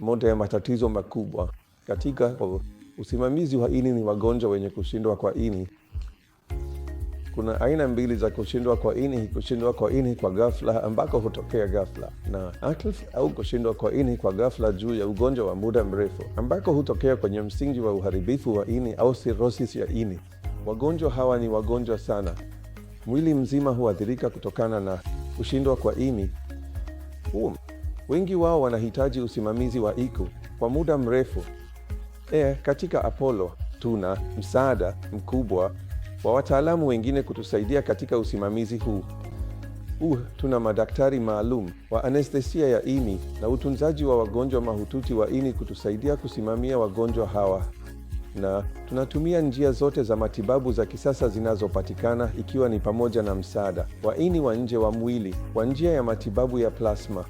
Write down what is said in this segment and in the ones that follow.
moja ya matatizo makubwa katika usimamizi wa ini ni wagonjwa wenye kushindwa kwa ini. Kuna aina mbili za kushindwa kwa ini: kushindwa kwa ini kwa ghafla ambako hutokea ghafla na ACLF, au kushindwa kwa ini kwa ghafla juu ya ugonjwa wa muda mrefu ambako hutokea kwenye msingi wa uharibifu wa ini au sirosis ya ini. Wagonjwa hawa ni wagonjwa sana, mwili mzima huathirika kutokana na kushindwa kwa ini um. Wengi wao wanahitaji usimamizi wa iko kwa muda mrefu. E, katika Apollo tuna msaada mkubwa wa wataalamu wengine kutusaidia katika usimamizi huu. Uh, tuna madaktari maalum wa anestesia ya ini na utunzaji wa wagonjwa mahututi wa ini kutusaidia kusimamia wagonjwa hawa, na tunatumia njia zote za matibabu za kisasa zinazopatikana ikiwa ni pamoja na msaada wa ini wa nje wa mwili kwa njia ya matibabu ya plasma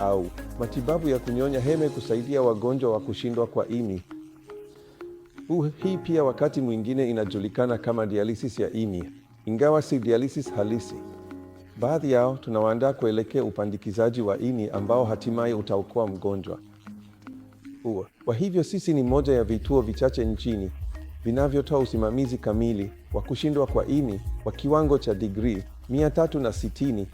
au matibabu ya kunyonya heme kusaidia wagonjwa wa kushindwa kwa ini. Uh, hii pia wakati mwingine inajulikana kama dialysis ya ini, ingawa si dialysis halisi. Baadhi yao tunawaandaa kuelekea upandikizaji wa ini ambao hatimaye utaokoa mgonjwa. Uh, kwa hivyo sisi ni moja ya vituo vichache nchini vinavyotoa usimamizi kamili wa kushindwa kwa ini wa kiwango cha digrii 360